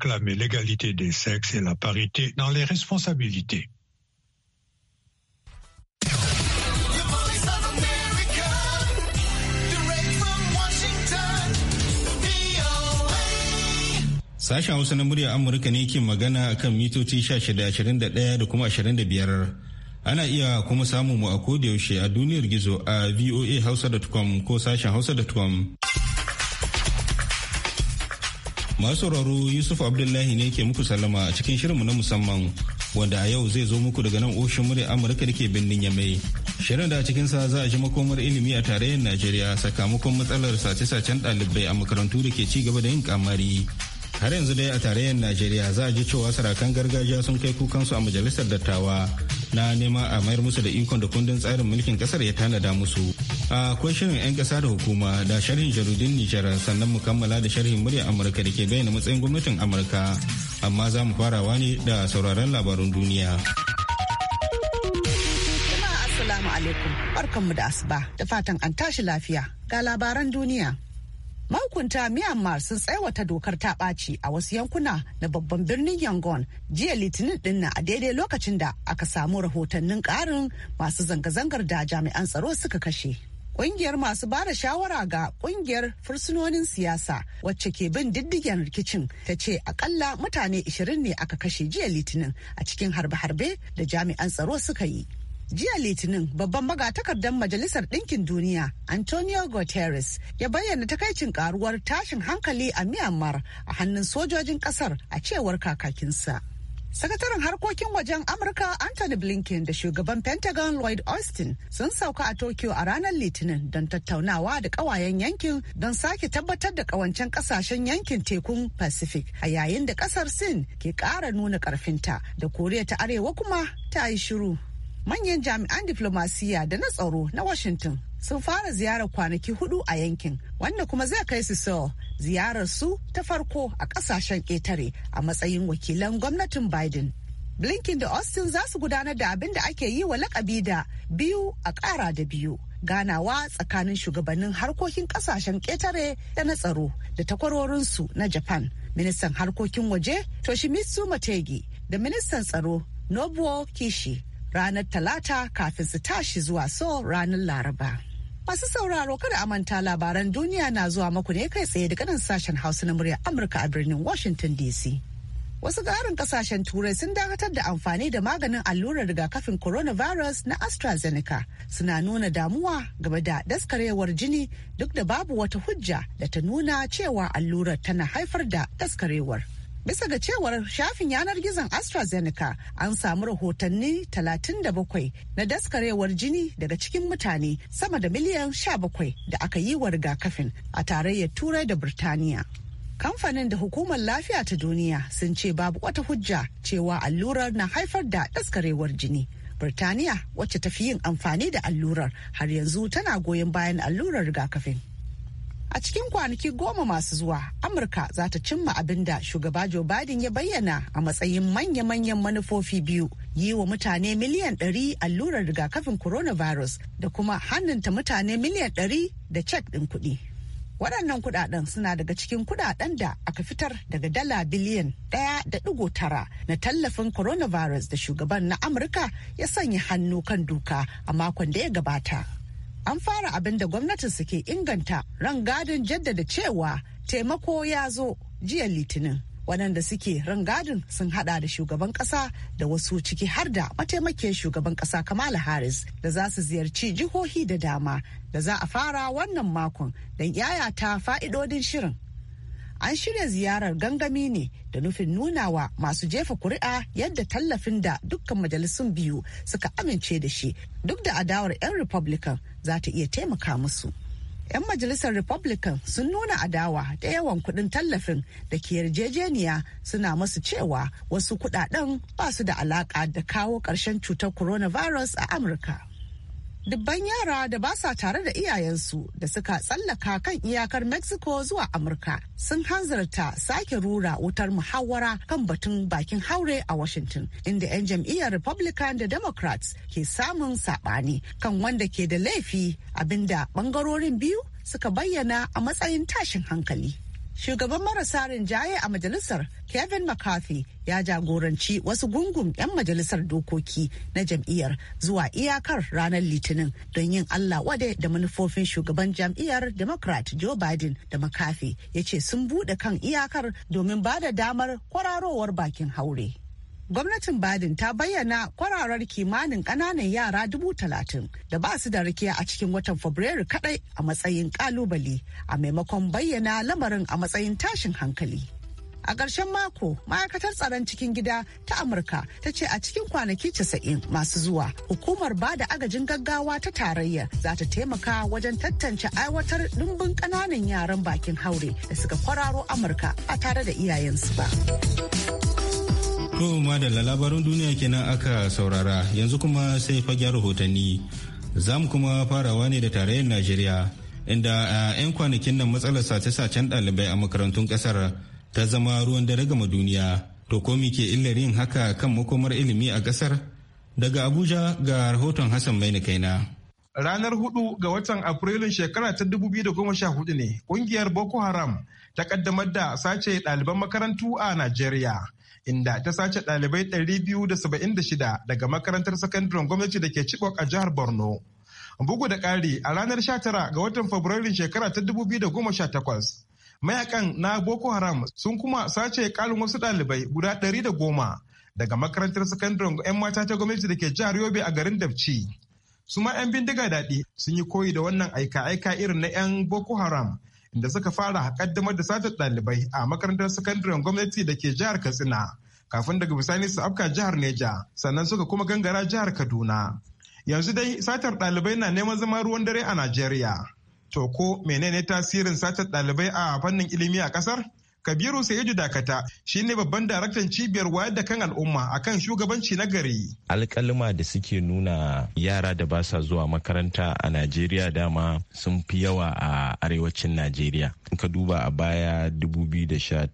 clamer l'égalité des sexes et la parité dans les responsabilités. Sashen Hausa na muryar Amurka ne ke magana kan mitoci 1621 da kuma 25. Ana iya kuma samun mu a yaushe a duniyar gizo a voahausa.com ko sashen hausa.com. Masu sauraro Yusuf Abdullahi ne ke muku sallama a cikin shirinmu na musamman wanda a yau zai zo muku daga nan oshin murya Amurka da ke birnin Yamai. Shirin da a cikinsa za a ji makomar ilimi a tarayyar Najeriya sakamakon matsalar sace-sacen ɗalibai a makarantu da ke ci gaba da yin kamari. har yanzu dai a tarayyar najeriya za a ji cewa sarakan gargajiya sun kai kukansu a majalisar dattawa na nema a mayar musu da ikon da kundin tsarin mulkin kasar ya tanada musu a kwai shirin 'yan kasa da hukuma da sharhin jarudin nijar sannan mu da sharhin muryar amurka da ke bayyana matsayin gwamnatin amurka amma za mu farawa ne da sauraron labarun duniya Assalamu alaikum barkanmu da asuba da fatan an tashi lafiya ga labaran duniya hukunta Myanmar sun tsaiwata dokar ta ɓaci a wasu yankuna na babban birnin Yangon jiya litinin dinnan a daidai lokacin da aka samu rahotannin ƙarin masu zanga-zangar da jami'an tsaro suka kashe. Ƙungiyar masu ba da shawara ga ƙungiyar fursunonin siyasa wacce ke bin diddigen rikicin ta ce akalla mutane 20 ne aka kashe jiya litinin a cikin harbe-harbe da jami'an tsaro suka yi. jiya litinin babban magatakardar majalisar ɗinkin duniya antonio guterres ya bayyana takaicin karuwar tashin hankali a myanmar a hannun sojojin ƙasar a cewar kakakinsa Sakataren harkokin wajen Amurka Anthony Blinken da shugaban Pentagon Lloyd Austin sun sauka a Tokyo a ranar Litinin don tattaunawa da kawayen yankin don sake tabbatar da kawancen kasashen yankin tekun Pacific a yayin da kasar Sin ke kara nuna karfinta da Koriya ta Arewa kuma ta yi shiru. manyan jami'an diflomasiyya da na tsaro na washington sun fara ziyarar kwanaki hudu a yankin wanda kuma zai kai su so ziyarar su ta farko a kasashen ƙetare a matsayin wakilan gwamnatin biden blinken da austin za su gudanar da abin da ake yi wa lakabi da biyu a ƙara da biyu ganawa tsakanin shugabannin harkokin kasashen ƙetare da na tsaro da takwarorinsu na japan ministan harkokin waje toshimitsu mategi da ministan tsaro nobuo kishi ranar talata kafin su tashi zuwa so ranar laraba. Masu sauraro kada a manta labaran duniya na zuwa maku ne kai tsaye daga nan sashen hausa na muryar Amurka a birnin Washington DC. Wasu garin kasashen turai sun dakatar da amfani da maganin allurar rigakafin coronavirus na AstraZeneca suna nuna damuwa game da daskarewar jini duk da babu wata hujja da ta nuna cewa allurar tana haifar da daskarewar. Bisa ga cewar shafin yanar gizon AstraZeneca an samu rahotanni 37 na daskarewar jini daga cikin mutane sama da miliyan 17 da aka yi wa rigakafin a tarayyar Turai da Birtaniya. Kamfanin da hukumar lafiya ta duniya sun ce babu wata hujja cewa allurar na haifar da daskarewar jini. Birtaniya wacce ta fi yin amfani da allurar har yanzu tana goyon bayan allurar rigakafin. A cikin kwanaki goma masu zuwa, Amurka za ta cimma abin da shugaba Joe Biden ya bayyana a matsayin manya-manyan manufofi biyu, yi wa mutane miliyan 100 allurar rigakafin coronavirus da kuma hannunta mutane miliyan 100 da cek ɗin kuɗi. Waɗannan kuɗaɗen suna daga cikin kuɗaɗen da aka fitar daga dala biliyan ɗaya da ɗigo tara na tallafin coronavirus da shugaban na Amurka ya sanya hannu kan duka a makon da ya gabata. an fara abin da gwamnatin suke ke inganta rangadin jaddada cewa taimako ya zo jiya litinin waɗanda suke rangadin sun hada da shugaban ƙasa da wasu ciki har da mataimakin shugaban ƙasa kamala harris da za su ziyarci jihohi da dama da za a fara wannan makon don yayata fa'idodin shirin an shirya ziyarar gangami ne da nufin nunawa masu jefa kuri'a yadda tallafin da dukkan majalisun biyu suka amince da shi duk da adawar 'yan republican za ta iya taimaka musu. 'Yan majalisar Republican sun nuna adawa da yawan kuɗin tallafin da ke yarjejeniya suna masu cewa wasu kuɗaɗen ba su da alaƙa da kawo ƙarshen cutar coronavirus a Amurka. dubban yara da ba sa tare da iyayensu da suka tsallaka kan iyakar mexico zuwa amurka sun hanzarta sake rura wutar muhawara kan batun bakin haure a washington inda 'yan jam'iyyar republican da democrats ke samun saɓani kan wanda ke da laifi abinda bangarorin biyu suka bayyana a matsayin tashin hankali shugaban marasa rinjaye a majalisar kevin mccarthy ya jagoranci wasu gungun 'yan majalisar dokoki na jam'iyyar zuwa iyakar ranar litinin don yin allah wade da manufofin shugaban jam'iyyar democrat joe biden da mccarthy ya ce sun buɗe kan iyakar domin ba da damar kwararowar bakin haure gwamnatin Badin ta bayyana kwararar kimanin ƙananan yara dubu talatin da ba su da rikiya a cikin watan Fabrairu kaɗai a matsayin ƙalubale a maimakon bayyana lamarin a matsayin tashin hankali. A ƙarshen mako, ma'aikatar tsaron cikin gida ta Amurka ta ce a cikin kwanaki casa'in masu zuwa, hukumar ba da agajin gaggawa ta tarayya za ta taimaka wajen tantance aiwatar ɗumbin ƙananan yaran bakin haure da suka kwararo Amurka ba tare da iyayensu ba. To da labaran duniya kenan aka saurara yanzu kuma sai fagen rahotanni. Za mu kuma farawa ne da tarayyar Najeriya inda a 'yan kwanakin nan matsalar sace-sacen ɗalibai a makarantun ƙasar ta zama ruwan dare gama duniya. To ko ke illar yin haka kan makomar ilimi a ƙasar? Daga Abuja ga rahoton Hassan na kaina. Ranar hudu ga watan Afrilun shekara ta 2014 ne kungiyar Boko Haram ta kaddamar da sace ɗaliban makarantu a Najeriya. inda ta sace ɗalibai 276 daga makarantar sakandaren gwamnati da ke Chibok a jihar Borno. Bugu da ƙari a ranar 19 ga watan Fabrairun shekara ta 2018, mayakan na Boko Haram sun kuma sace ƙarin wasu ɗalibai guda 110 daga makarantar sakandaren 'yan mata ta gwamnati da ke jihar Yobe a garin Dabci. Su ma 'yan bindiga daɗi sun yi koyi da wannan aika-aika irin na 'yan Boko Haram da suka fara kaddamar da satar ɗalibai a makarantar sakandaren gwamnati da ke jihar Katsina kafin daga bisani su afka jihar Neja sannan suka kuma gangara jihar Kaduna. Yanzu dai satar ɗalibai na neman zama ruwan dare a Najeriya. To ko menene tasirin satar ɗalibai a fannin ilimi a ƙasar? Kabiru Sa'idu Dakata shi ne babban daraktan cibiyar wayar da kan al'umma a kan shugabanci na gari. Alƙalima da suke nuna yara da ba sa zuwa makaranta a Najeriya dama sun fi yawa a arewacin Najeriya. In ka duba a baya 2018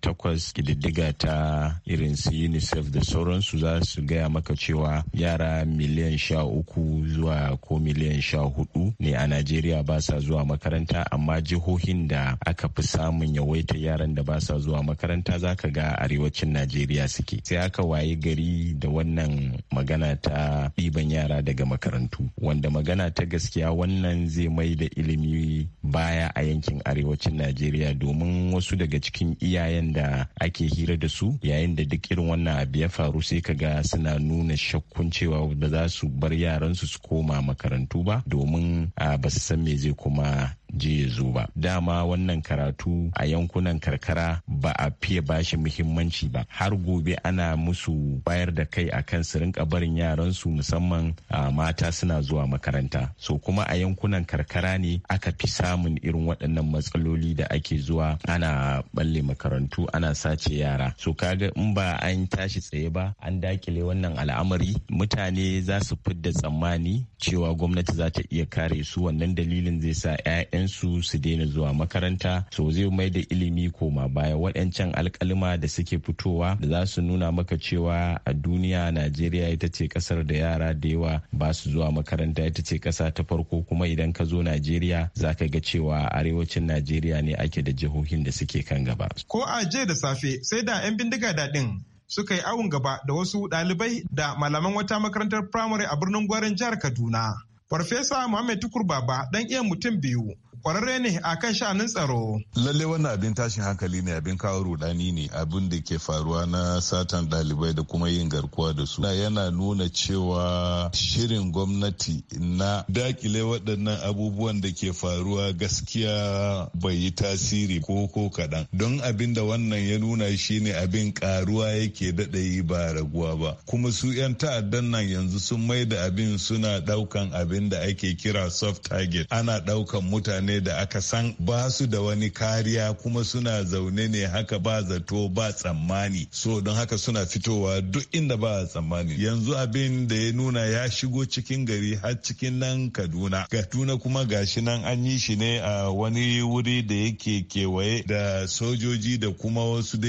kididdiga ta irin su UNICEF da sauransu za su gaya maka cewa yara miliyan sha uku zuwa ko miliyan sha hudu ne a Najeriya ba sa zuwa makaranta amma jihohin da aka fi samun yawaita yaran da ba sa zuwa makaranta za ka ga arewacin najeriya suke sai aka waye gari da wannan magana ta ɗiban yara daga makarantu wanda magana ta gaskiya wannan zai mai da ilimi baya a yankin arewacin najeriya domin wasu daga cikin iyayen da ake hira da su yayin da duk irin wannan abu ya faru sai ka ga suna nuna shakkun cewa ba za su bar yaransu su koma makarantu ba domin ba su san me zai kuma je ya zo ba dama wannan karatu a yankunan karkara ba a fiye bashi muhimmanci ba har gobe ana musu bayar da kai kan su rinka barin yaran su musamman mata suna zuwa makaranta so kuma a yankunan karkara ne aka fi samun irin waɗannan matsaloli da ake zuwa ana balle makarantu ana sace yara so kaga in ba an tashi tsaye ba an dakile wannan al'amari mutane za su fidda tsammani cewa gwamnati za ta iya kare su wannan dalilin zai sa 'ya'yan su su daina zuwa makaranta so zai mai da ilimi koma baya waɗancan alkalima da suke fitowa da za su nuna maka cewa a duniya najeriya ita ce kasar da yara da yawa ba su zuwa makaranta ita ce ƙasa ta farko kuma idan ka zo najeriya za ka ga cewa arewacin najeriya ne ake da jihohin da suke kan gaba. ko a jiya da safe sai da 'yan bindiga daɗin suka yi awun gaba da wasu ɗalibai da malaman wata makarantar firamare a birnin gwarin jihar kaduna. Farfesa muhammed Tukur Baba ɗan iya mutum biyu kwararre ne a kan sha'anin tsaro. Lalle wannan abin tashin hankali ne abin kawo rudani ne abin da ke faruwa na satan dalibai da kuma yin garkuwa da su. Yana nuna cewa shirin gwamnati na dakile waɗannan abubuwan da ke faruwa gaskiya bai yi tasiri ko ko kaɗan. Don abin da wannan ya nuna shi ne abin karuwa yake daɗa yi ba raguwa ba. Kuma su 'yan ta'addan nan yanzu sun mai da abin suna ɗaukan abin da ake kira soft target. Ana ɗaukan mutane da aka san ba su da wani kariya kuma suna zaune ne haka ba zato ba tsammani so don haka suna fitowa duk inda ba tsammani yanzu abin da ya nuna ya shigo cikin gari har cikin nan kaduna kaduna kuma gashi nan an yi shi ne a wani wuri da yake kewaye da sojoji da kuma wasu da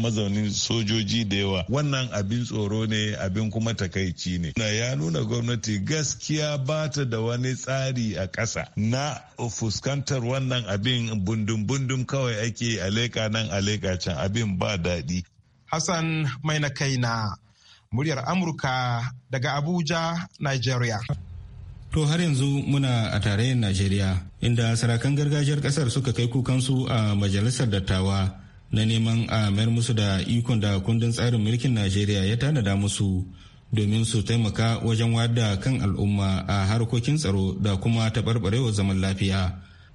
mazaunin sojoji da yawa wannan abin tsoro ne abin kuma takaici ne na ya nuna gwamnati gaskiya ba ta da wani tsari a ƙasa na fuskantar wannan abin bundum-bundum kawai ake aleka nan aleka can abin ba daɗi. Hassan mai na kaina muryar Amurka daga Abuja, Nigeria. To har yanzu muna a tarayyar Najeriya inda sarakan gargajiyar ƙasar suka kai kukansu a majalisar dattawa na neman a mayar musu da ikon da kundin tsarin mulkin Najeriya ya tanada musu domin su taimaka wajen wayar kan al'umma a harkokin tsaro da kuma taɓarɓarewar zaman lafiya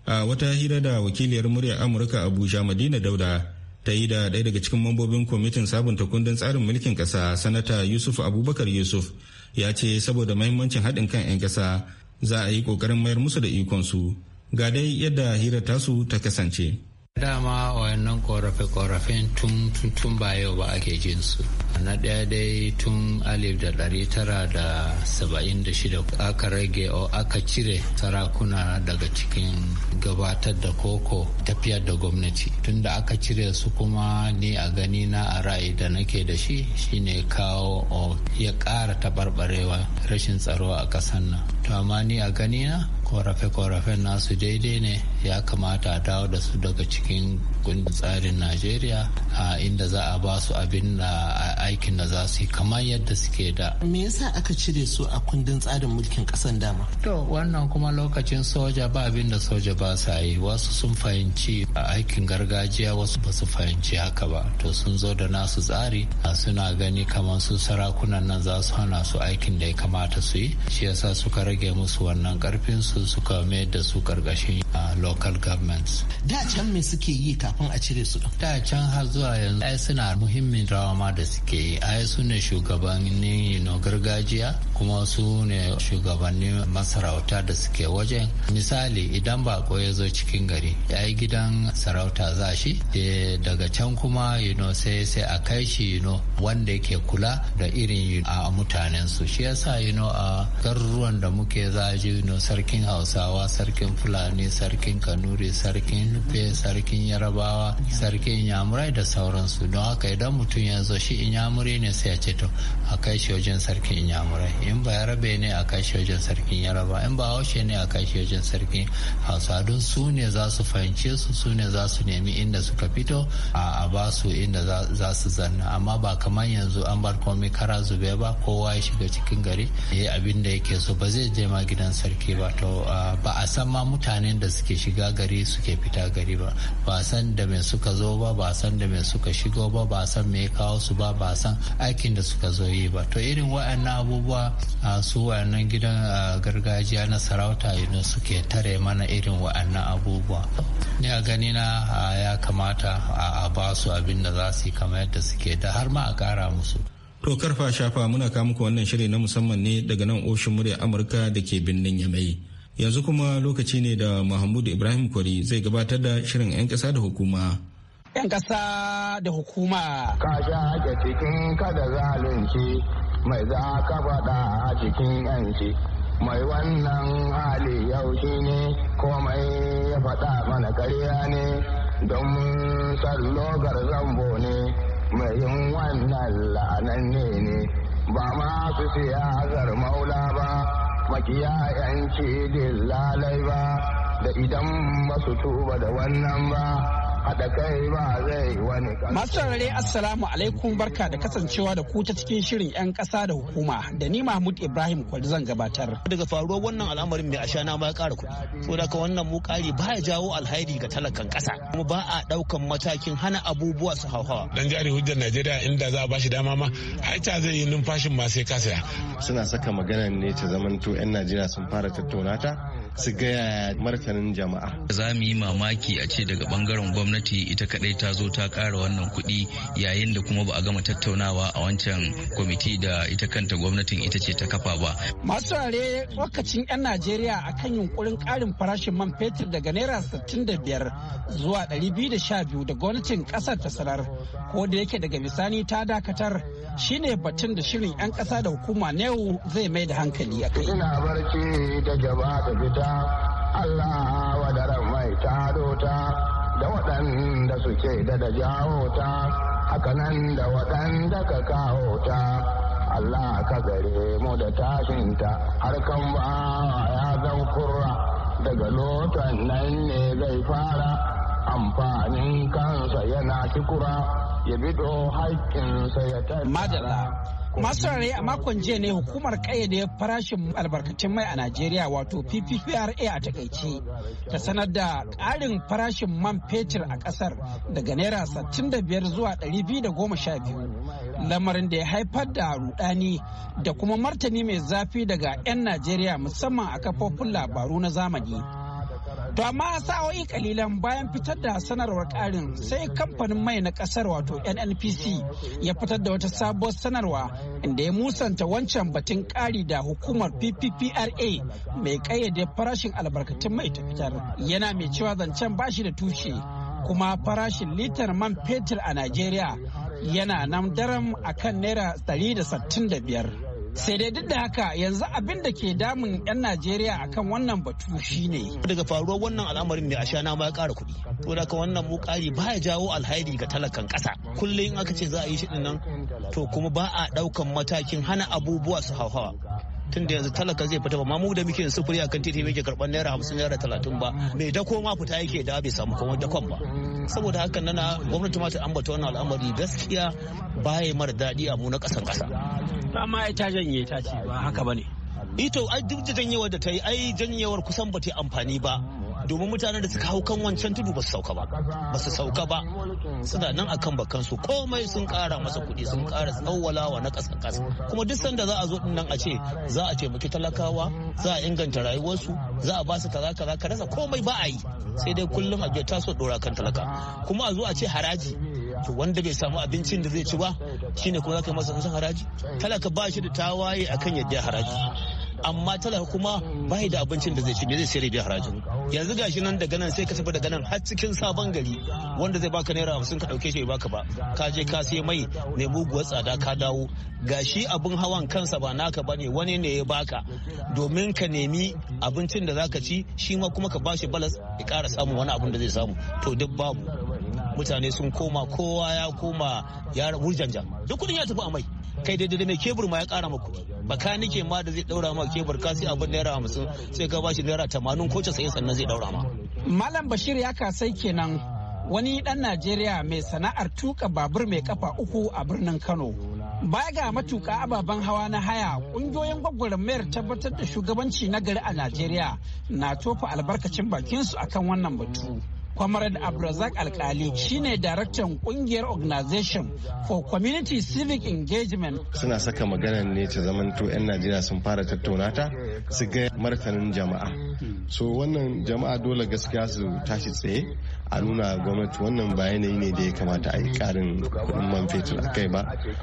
a wata hira da wakiliyar murya amurka abuja madina dauda ta yi da ɗaya daga cikin mambobin kwamitin sabunta kundin tsarin mulkin ƙasa sanata yusuf abubakar yusuf ya ce saboda mahimmancin haɗin kan 'yan ƙasa za a yi ƙoƙarin mayar musu da ikonsu ga dai yadda hira tasu ta kasance dama wayannan korafe-korafen tun tun ba yau ba ake jin su na ɗaya dai tun alif da ɗari tara da saba'in da shida aka rage o aka cire sarakuna daga cikin gabatar da koko tafiyar da gwamnati tun da aka cire su kuma ni a gani na a ra'ayi da nake da shi shine kawo o ya ƙara taɓarɓarewa rashin tsaro a ƙasar nan to amma ni a gani na korafe-korafen nasu daidai ne ya kamata a dawo da su daga cikin kundin tsarin najeriya a inda za a ba su abin da aikin da za su yi kamar yadda suke da me yasa aka cire su a kundin tsarin mulkin kasan dama to wannan kuma lokacin soja ba abin da soja ba sa yi wasu sun fahimci aikin gargajiya wasu ba su fahimci haka ba to sun zo da nasu tsari suna gani kamar su sarakunan nan za su hana su aikin da ya kamata su yi shi yasa suka rage musu wannan karfin su su suka mai da su karkashin local governments. Da can me suke yi kafin a cire su? Da can har zuwa yanzu ai suna muhimmin rawa ma da suke yi. Ai su ne shugabannin gargajiya kuma su ne shugabannin masarauta da suke wajen. Misali idan bako ya zo cikin gari ai gidan sarauta za shi e, daga can kuma yino sai sai a kai shi yino wanda yake kula da irin a mutanen su. Shi yasa yino a garuruwan da muke za ji yino sarkin hausawa sarkin fulani sarkin kanuri sarkin nufe sarkin yarabawa sarkin yamurai da sauransu don haka idan mutum ya zo shi inyamurai ne sai ya ce to a kai shi wajen sarkin inyamurai in ba yarabe ne a kai shi wajen sarkin yaraba in ba haushe ne a kai shi wajen sarkin hausa don su ne za su fahimce su su ne za su nemi inda suka fito a ba su inda za su zanna amma ba kamar yanzu an bar komai kara zube ba kowa ya shiga cikin gari ya yi abin da yake so ba zai je ma gidan sarki ba to ba a san ma mutanen da suke shiga gari suke fita gari ba ba san da me suka zo ba ba san da me suka shigo ba ba san me kawo su ba ba san aikin da suka zo yi ba to irin wa'annan abubuwa su wa'annan gidan gargajiya na sarauta ne suke tare mana irin wa'annan abubuwa ni a gani na ya kamata a ba su abin da za su yi kamar yadda suke da har ma a kara musu To karfa shafa muna kamuka wannan shirin na musamman ne daga nan ofishin murya Amurka da ke birnin Yamai. yanzu kuma lokaci ne da mahmud ibrahim kwari zai gabatar da shirin 'yan ƙasa da hukuma 'yan ƙasa da hukuma ka sha ake cikin kada zalunci mai za ka faɗa a cikin 'yanci mai wannan hali yau shi ne komai ya faɗa mana karya ne don sallogar zambo ne mai yin wannan la'anan ne ne ba ma su siyasar maula ba makiyayanci dillalai ba da idan ba su tuba da wannan ba haɗa kai ba zai wani Masu saurare Assalamu alaikum barka da kasancewa da ku ta cikin shirin 'yan ƙasa da hukuma da ni Mahmud Ibrahim kwalli zan gabatar. Daga faruwar wannan al'amarin mai ashana ma ya ƙara kuɗi. So daga wannan mu ƙari ba ya jawo alhairi ga talakan ƙasa. Kuma ba a ɗaukan matakin hana abubuwa su hauhawa. Dan jari hujjar Najeriya inda za a bashi dama ma haita zai yi numfashin ma sai kasaya. Suna saka magana ne ta zamanto 'yan Najeriya sun fara tattaunata su gaya martanin jama'a. Za mu yi mamaki a ce daga bangaren gwamnati gwamnati ita kadai ta zo ta kara wannan kuɗi yayin da kuma ba a gama tattaunawa a wancan kwamiti da ita kanta gwamnatin ita ce ta kafa ba. Masu rare lokacin 'yan Najeriya a kan yunkurin karin farashin man fetur daga naira 65 zuwa 212 da gwamnatin kasar ta sanar ko da yake daga misani ta dakatar shine batun da shirin 'yan ƙasa da hukuma na yau zai mai da hankali a kai. Ina barci da jaba da fita Allah wadaran mai ta da waɗanda suke da da jawo ta hakanan da waɗanda ka kawo ta Allah ka gare mu da tashinta har kan ba ya zan kurra daga lotan nan ne zai fara amfanin kansa yana kikura ya bido haƙƙinsa ya tattara. Masu rare a makon jiya ne hukumar kayyade farashin albarkatun mai a Najeriya wato PPPRA a takaice ta sanar da ƙarin farashin man fetur a ƙasar daga naira da biyar zuwa goma sha biyu. lamarin da ya haifar da rudani da kuma martani mai zafi daga 'yan Najeriya musamman a kafofin labaru na zamani. To amma sa'o'i kalilan bayan fitar da sanarwar karin sai kamfanin mai na kasar wato NNPC ya fitar da wata sabuwar sanarwa inda ya musanta wancan batun kari da hukumar PPPRA mai kayyade farashin albarkatun mai ta fitar. Yana mai cewa zancen bashi da tushe kuma farashin litar man fetur a Najeriya yana nan daram akan naira 165. sai dai duk da haka yanzu abin da ke damun 'yan najeriya akan wannan batu shine daga faruwar wannan al'amarin ne a shana ba ya kara kuɗi to daga wannan mu ba ya jawo alhairi ga talakan ƙasa kullum aka ce za a yi shi nan to kuma ba a ɗaukan matakin hana abubuwa su hauhawa tun da yanzu talaka zai fita ba ma mu da muke sufuri akan titi muke karban naira hamsin naira talatin ba mai dako ma fita yake da bai samu kuma dakon ba saboda hakan nana gwamnati ma ta ambata wannan al'amari gaskiya baya mara daɗi a mu na ƙasan ƙasa. amma ita janye ta ce ba haka ba ne. ito ai duk da janyewar da ta yi ai janyewar kusan ba ta amfani ba domin mutanen da suka hau kan wancan tudu ba su sauka ba ba su sauka ba suna nan akan bakansu komai sun kara masa kuɗi sun kara tsawwala wa na ƙasa ƙasa kuma duk sanda za a zo din nan a ce za a taimaki talakawa za a inganta rayuwarsu za a ba su kaza kaza ka rasa komai ba a yi sai dai kullum a taso ɗora kan talaka kuma a zo a ce haraji to wanda bai samu abincin da zai ci ba shine kuma za ka yi masa haraji talaka ba shi da tawaye akan yadda haraji amma talaka kuma ba da abincin da zai ci me zai sayar da harajin yanzu gashi nan daga nan sai ka tafi daga nan har cikin sabon gari wanda zai baka naira hamsin ka dauke shi ba baka ba ka je ka sai mai ne muguwar tsada ka dawo gashi abin hawan kansa ba naka ba ne wani ne ya baka domin ka nemi abincin da zaka ci shi ma kuma ka bashi balas ya kara samun wani abin da zai samu to duk babu mutane sun koma kowa ya koma ya wurjanja duk kudin ya tafi a mai kai daidai mai kebur ma ya kara maku. bakanike ma da zai daura ma kebar kasi abin naira hamsin sai ka bashi naira tamanin ko casa'in sannan zai daura ma. malam bashir ya kasai kenan wani dan najeriya mai sana'ar tuka babur mai kafa uku a birnin kano baya ga matuka ababen hawa na haya kungiyoyin gwagwarmayar tabbatar da shugabanci na gari a najeriya na tofa albarkacin bakinsu akan wannan batu. Comrade Abrazak Alkali shine daraktan kungiyar Organization for Community Civic Engagement. Suna saka magana ne ta zamanto 'yan Najeriya sun fara tattaunata su ga martanin jama'a. So wannan jama'a dole gaskiya su tashi tsaye a nuna gwamnati wannan ba yanayi ne da ya kamata a yi karin kudin man fetur a kai ba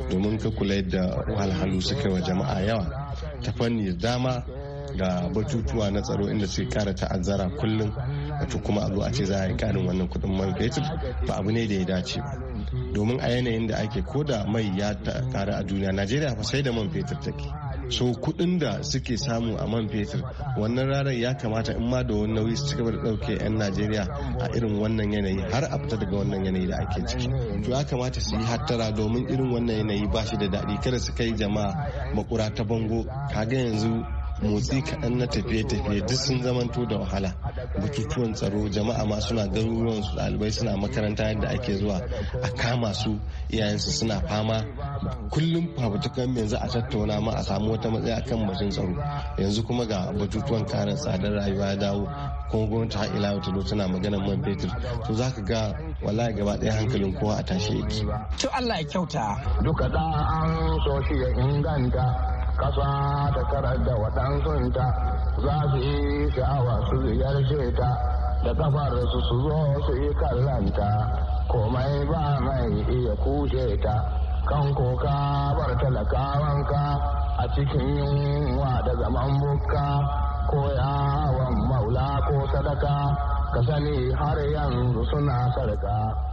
domin ka kula yadda wahalhalu suka wa jama'a yawa ta fanni dama ga batutuwa na tsaro inda suke kara ta'azzara kullum to kuma a zo a ce za a yi karin wannan kuɗin man fetur ba abu ne da ya dace ba domin a yanayin da ake da mai ya kara a duniya najeriya fa sai da man fetur take so kuɗin da suke samu a man fetur wannan ranar ya kamata in ma da wani nauyi su cigaba da ɗauke 'yan najeriya a irin wannan yanayi har a fita daga wannan yanayi da ake ciki to ya kamata su yi hattara domin irin wannan yanayi ba shi da daɗi kada su kai jama'a makura ta bango kaga yanzu motsi kaɗan na tafiye-tafiye duk sun zamanto da wahala bututuwan tsaro jama'a ma suna garuruwan su ɗalibai suna makaranta yadda ake zuwa a kama su iyayensu suna fama kullum fafutukan yanzu a tattauna ma a samu wata matsaya kan batun tsaro yanzu kuma ga batutuwan karin tsadar rayuwa ya dawo kuma gwamnati har ila ta tana maganar man fetur to za ka ga wallahi gaba ɗaya hankalin kowa a tashi yake. to Allah ya kyauta. duka da an so shi ya inganta kasa ta karar da waɗansunta za su yi sha'awa su ziyarce ta da kafar su su zo su yi kallanta komai ba mai iya kushe ta kan koka bar talakawanka a cikin yunwa da zaman bukka ko yawan maula ko sadaka ka sani har yanzu suna sarka.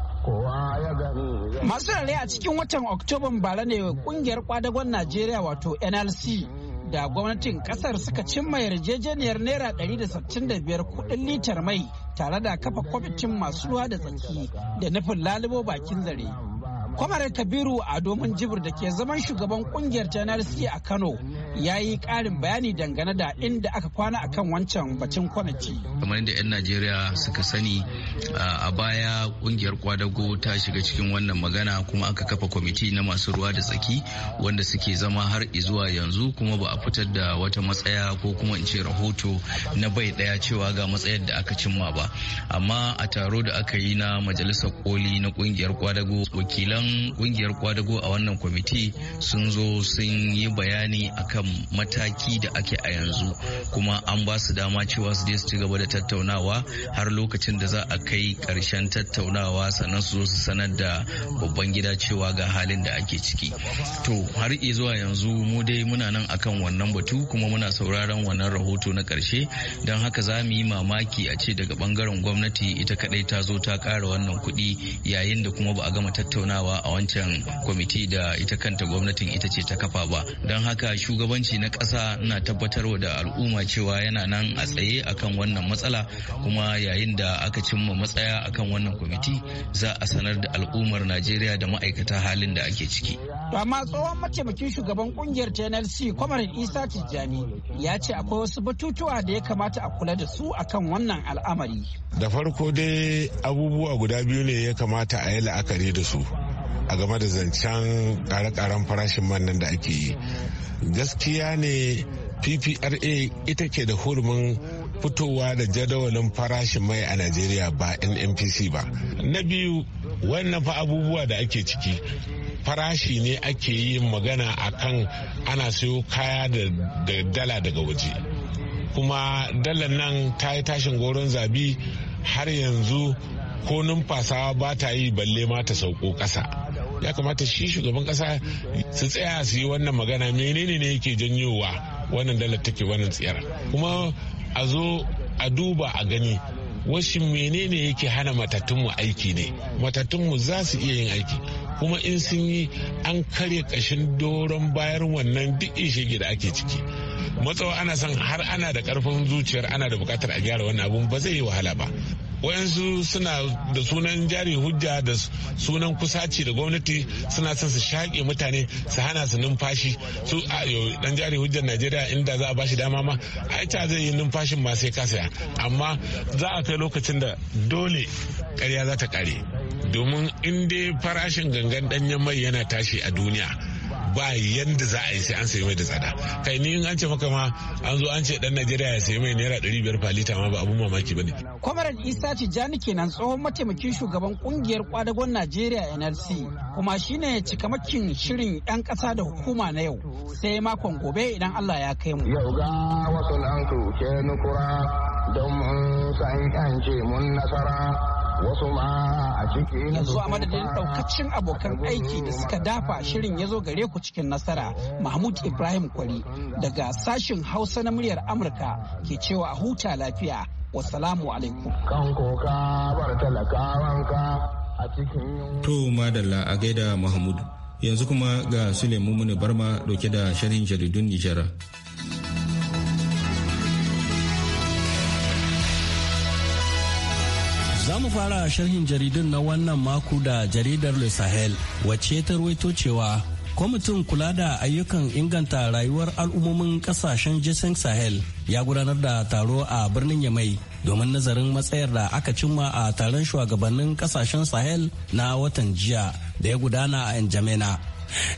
Masu rare a cikin watan Oktoban bara ne kungiyar kwadagon Najeriya wato NLC da gwamnatin kasar suka cimma yarjejeniyar naira 165 kudin litar mai tare da kafa kwamitin masu ruwa da tsaki da nufin lalubo bakin zare. kwamare kabiru a domin jibir da ke zaman shugaban kungiyar nrc a kano ya yi karin bayani dangane da inda aka kwana a kan wancan bacin kwanaki kamar yadda 'yan najeriya suka sani a baya kungiyar kwadago ta shiga cikin wannan magana kuma aka kafa kwamiti na masu ruwa da tsaki wanda suke zama har izuwa yanzu kuma ba a fitar da wata matsaya ko kuma in ce rahoto na bai daya cewa ga matsayar da aka cimma ba amma a taro da aka yi na majalisar koli na kungiyar kwadago wakilan wakilan kungiyar kwadago a wannan kwamiti sun zo sun yi bayani akan mataki da ake a yanzu kuma an ba su dama cewa su je su ci gaba da tattaunawa har lokacin da za a kai karshen tattaunawa sannan su zo su sanar da babban gida cewa ga halin da ake ciki to har zuwa yanzu mu dai muna nan akan wannan batu kuma muna sauraron wannan rahoto na karshe don haka za mu yi mamaki a ce daga bangaren gwamnati ita kadai ta zo ta kara wannan kuɗi yayin da kuma ba a gama tattaunawa kafawa a wancan kwamiti da ita kanta gwamnatin ita ce ta kafa ba don haka shugabanci na ƙasa na tabbatarwa da al'umma cewa yana nan a tsaye akan wannan matsala kuma yayin da aka cimma matsaya akan wannan kwamiti za a sanar da al'ummar najeriya da ma'aikata halin da ake ciki amma tsohon mataimakin shugaban kungiyar tnlc kwamarin isa tijjani ya ce akwai wasu batutuwa da ya kamata a kula da su akan wannan al'amari da farko dai abubuwa guda biyu ne ya kamata a yi la'akari da su a game da zancen ƙare-ƙaren farashin man nan da ake yi gaskiya ne ppra ita ke da hurumin fitowa da jadawalin farashin mai a najeriya ba nnpc ba na biyu wannan fa abubuwa da ake ciki farashi ne ake yi magana a kan ana sayo kaya da dala daga waje kuma dalar nan ta yi tashin goron zabi har yanzu ko numfasawa ba ta yi balle ma ta sauko ƙasa ya kamata shi shugaban kasa su tsaya su yi wannan magana menene ne yake janyowa wannan dalar take wannan tsayar kuma a zo a duba a gani wasu menene yake hana matattunmu aiki ne matattunmu za su iya yin aiki kuma in sun yi an karya kashin doron bayar wannan duk shige da ake ciki matsawa ana son har ana da karfin zuciyar ana da bukatar a gyara wannan abun ba zai yi wahala ba wayansu suna da sunan jari hujja da sunan kusaci da gwamnati suna son su shaƙe mutane su hana su numfashi su dan jari hujjar najeriya inda za a bashi dama ma ta zai yi numfashin ma sai ka saya amma za a kai lokacin da dole ƙarya za ta ƙare domin in dai farashin gangan danyen mai yana tashi a duniya ba yadda za a yi sai an sayi mai da tsada kai ni in an ce maka ma an zo an ce dan najeriya ya sayi mai naira ɗari biyar falita ma ba abun mamaki ba ne. kwamaran isa tijjani kenan tsohon mataimakin shugaban kungiyar kwadagon najeriya nlc kuma shine makin shirin yan ƙasa da hukuma na yau sai makon gobe idan allah ya kai mu. yau ga wasu ke nukura don mun san mun nasara wasu ma a ciki yanzu a madadin daukacin abokan aiki da suka dafa shirin ya zo gare ku cikin nasara mahmud ibrahim kwari daga sashen hausa na muryar amurka ke cewa a huta lafiya wasalamu alaikum kan koka bar talakawanka a cikin to madalla a gaida mahmud yanzu kuma ga sulaimu muni barma dauke da sharhin jaridun nijara. Za mu fara sharhin jaridun na wannan mako da jaridar Le Sahel wacce ta ruwaito cewa kwamitin kula da ayyukan inganta rayuwar al'ummomin kasashen jason sahel ya gudanar da taro a birnin yamai domin nazarin matsayar da aka cimma a taron shugabannin kasashen sahel na watan jiya da ya gudana a N'Djamena.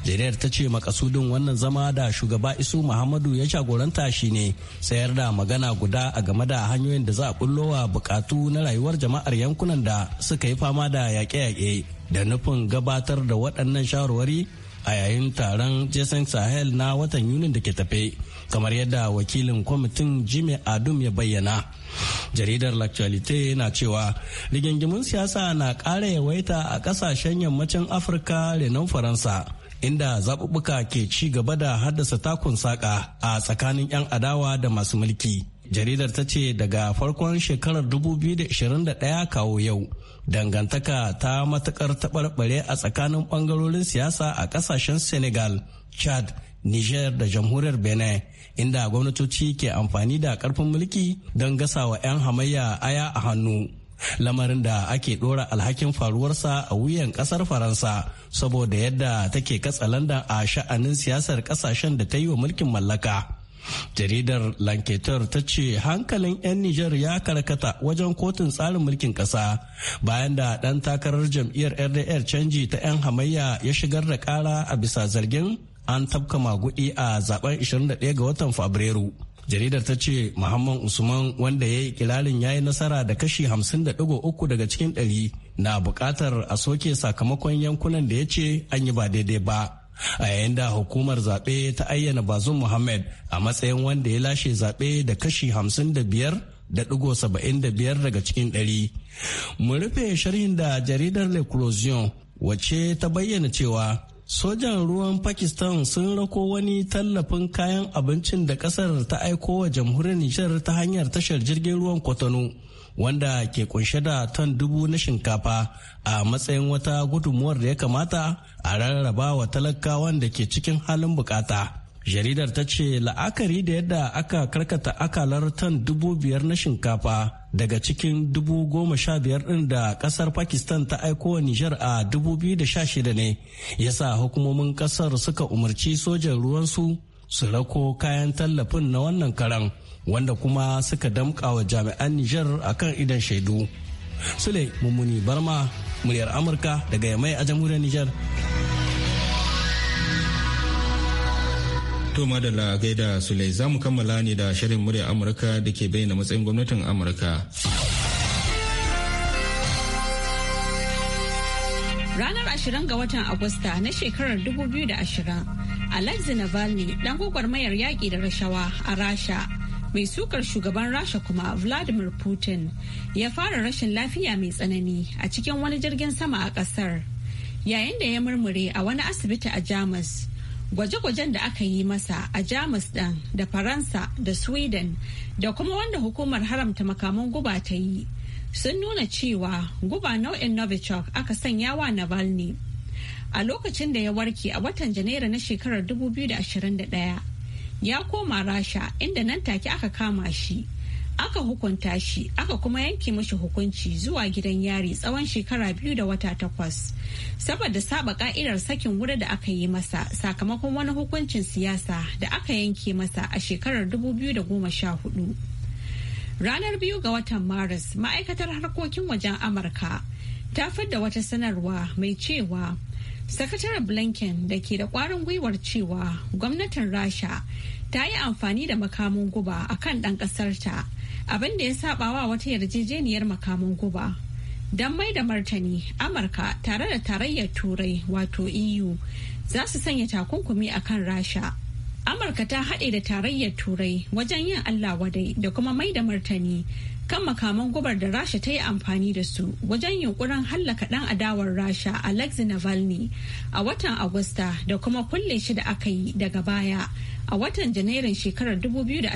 jaridar ta ce makasudin wannan zama da shugaba isu muhammadu ya jagoranta shi ne sayar da magana guda a game da hanyoyin da za a wa bukatu na rayuwar jama'ar yankunan da suka yi fama da yaƙe-yaƙe da nufin gabatar da waɗannan shawarwari a yayin taron jason sahel na watan yunin da ke tafe kamar yadda wakilin kwamitin jimmy adum ya bayyana jaridar l'actualité na cewa rigingimin siyasa na ƙara yawaita a ƙasashen yammacin afirka renon faransa inda zaɓuɓɓuka ke ci gaba da haddasa takun saƙa a tsakanin 'yan adawa da masu mulki. Jaridar ta ce daga farkon shekarar 2021 kawo yau, dangantaka ta matuƙar taɓarɓare a tsakanin ɓangarorin siyasa a ƙasashen Senegal, Chad, Niger da jamhuriyar Benin inda gwamnatoci ke amfani da ƙarfin mulki don gasawa 'yan hamayya aya a hannu. lamarin da ake ɗora alhakin faruwarsa a wuyan ƙasar faransa saboda yadda take katsalandan a sha'anin siyasar ƙasashen da ta yi wa mulkin mallaka jaridar lanketer ta ce hankalin 'yan Niger ya karkata wajen kotun tsarin mulkin ƙasa bayan da 'dan takarar jam'iyyar rdr canji ta 'yan hamayya ya shigar da ƙara a bisa zargin an tabka magudi a zaben 21 ga watan fabrairu jaridar ta ce muhammad usman wanda ya yi kirarin ya yi nasara da kashi 50.3 daga cikin 100 na bukatar a soke sakamakon yankunan da ya ce an yi ba daidai ba a yayin da hukumar zaɓe ta ayyana bazum muhammad a matsayin wanda ya lashe zaɓe da kashi 55 da digo saba'in da biyar daga cikin ɗari. Mu rufe sharhin da jaridar Le wacce ta bayyana cewa sojan ruwan pakistan sun rako wani tallafin kayan abincin da kasar ta aiko wa jamhuriyar nijar ta hanyar tashar jirgin ruwan kwatano wanda ke kunshe da ton dubu na shinkafa a matsayin wata gudunmuwar da ya kamata a rarraba wa talakawan da ke cikin halin bukata jaridar ta ce la'akari da yadda aka karkata akalar ton dubu biyar na shinkafa daga cikin dubu goma sha biyar ɗin da ƙasar pakistan ta aiko wa nijar a dubu biyu da sha shida ne ya sa hukumomin ƙasar suka umarci sojan ruwansu su rako kayan tallafin na wannan karan wanda kuma suka damƙa wa jami'an nijar kan idan shaidu sule mummuni barma muryar amurka daga yamai a jamhuriyar nijar To madalla gaida Sule za mu kammala ne da shirin murya Amurka da ke bayyana matsayin gwamnatin Amurka. Ranar 20 ga watan Agusta na shekarar 2020, Alexei Navalny dan gwagwarmayar yaƙi da rashawa a Rasha mai sukar shugaban Rasha kuma Vladimir Putin ya fara rashin lafiya mai tsanani a cikin wani jirgin sama a ƙasar. Yayin da ya murmure a wani asibiti a Jamus. gwaje-gwajen da aka yi masa a jamus ɗin da faransa da sweden da kuma wanda hukumar haramta makaman guba ta yi sun nuna cewa guba nau'in novichok aka sanya wa navalny a lokacin da ya warke a watan janairu na shekarar 2021 ya koma rasha inda nan take aka kama shi aka hukunta shi aka kuma yanke mashi hukunci zuwa gidan yari tsawon shekara biyu da wata takwas saboda saba ka'idar sakin wuri da aka yi masa sakamakon wani hukuncin siyasa da aka yanke masa a shekarar 2014 ranar biyu ga watan maris ma'aikatar harkokin wajen amurka ta fidda wata sanarwa mai cewa sakataren blinken da ke da ƙwarin gwiwar cewa gwamnatin rasha ta yi amfani da makamin guba a kan ɗan ƙasarta abin da ya wa wata yarjejeniyar makaman guba don mai da martani amurka tare da tarayyar turai wato eu za su sanya takunkumi a kan rasha amurka ta haɗe da tarayyar turai wajen yin allah wadai da kuma mai da martani kan makaman gubar da rasha ta yi amfani da su wajen yunkurin hallaka ɗan adawar rasha alexi navalny a watan agusta da kuma kulle shi da aka yi daga baya a watan janairun shekarar 2021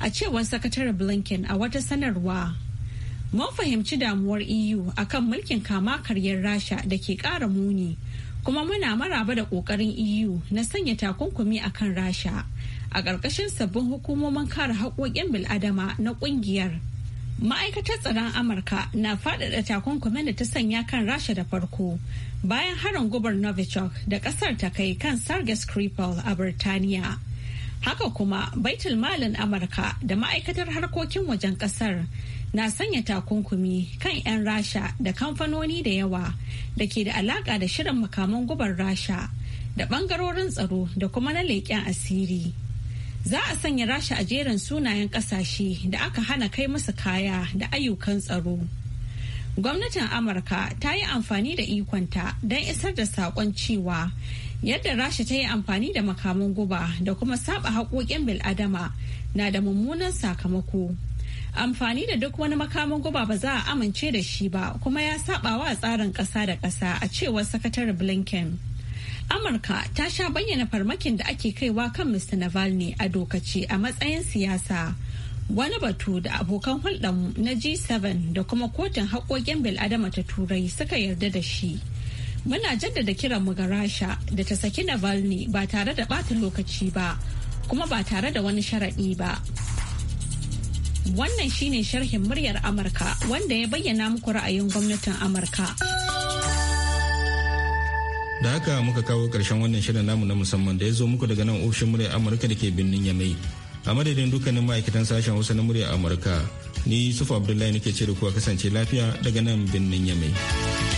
a cewar sakataren blinken a wata sanarwa mun fahimci damuwar eu akan mulkin kama karyar rasha da ke ƙara muni kuma muna maraba da ƙoƙarin eu na sanya takunkumi akan rasha a ƙarƙashin sabbin hukumomin kare haƙoƙin bil'adama na ƙungiyar ma'aikatar tsaron amurka na faɗaɗa takunkumin da ta sanya kan rasha da farko bayan harin gubar novichok da ƙasar ta kai kan sarge skripal a birtaniya Haka kuma baitul malin Amurka da ma'aikatar harkokin wajen kasar na sanya takunkumi kan 'yan rasha da kamfanoni da yawa da ke da alaƙa da shirin makaman gubar rasha da ɓangarorin tsaro da kuma na leƙen asiri. Za a sanya rasha a jerin sunayen kasashe da aka hana kai musu kaya da ayyukan tsaro. Gwamnatin Amurka ta yi amfani da ikonta don isar da saƙon cewa yadda rasha ta yi amfani da makaman guba da kuma saba haƙoƙin bil'adama na da mummunan sakamako amfani da duk wani makaman guba ba za a amince da shi ba kuma ya saba wa tsarin ƙasa da ƙasa a cewar sakatare blinken amurka ta sha bayyana farmakin da ake kaiwa kan mr navalny a dokaci a matsayin siyasa wani batu da abokan hulɗar na g7 da kuma kotun haƙoƙin bil'adama ta turai suka yarda da shi muna jaddada kiran mu ga rasha da ta saki navalny ba tare da bata lokaci ba kuma ba tare da wani sharaɗi ba wannan shine sharhin muryar amurka wanda ya bayyana muku ra'ayin gwamnatin amurka da haka muka kawo karshen wannan shirin namu na musamman da ya zo muku daga nan ofishin muryar amurka da ke birnin yamai a madadin dukkanin ma'aikatan sashen wasu na muryar amurka ni sufa abdullahi nake ce da kuwa kasance lafiya daga nan birnin yamai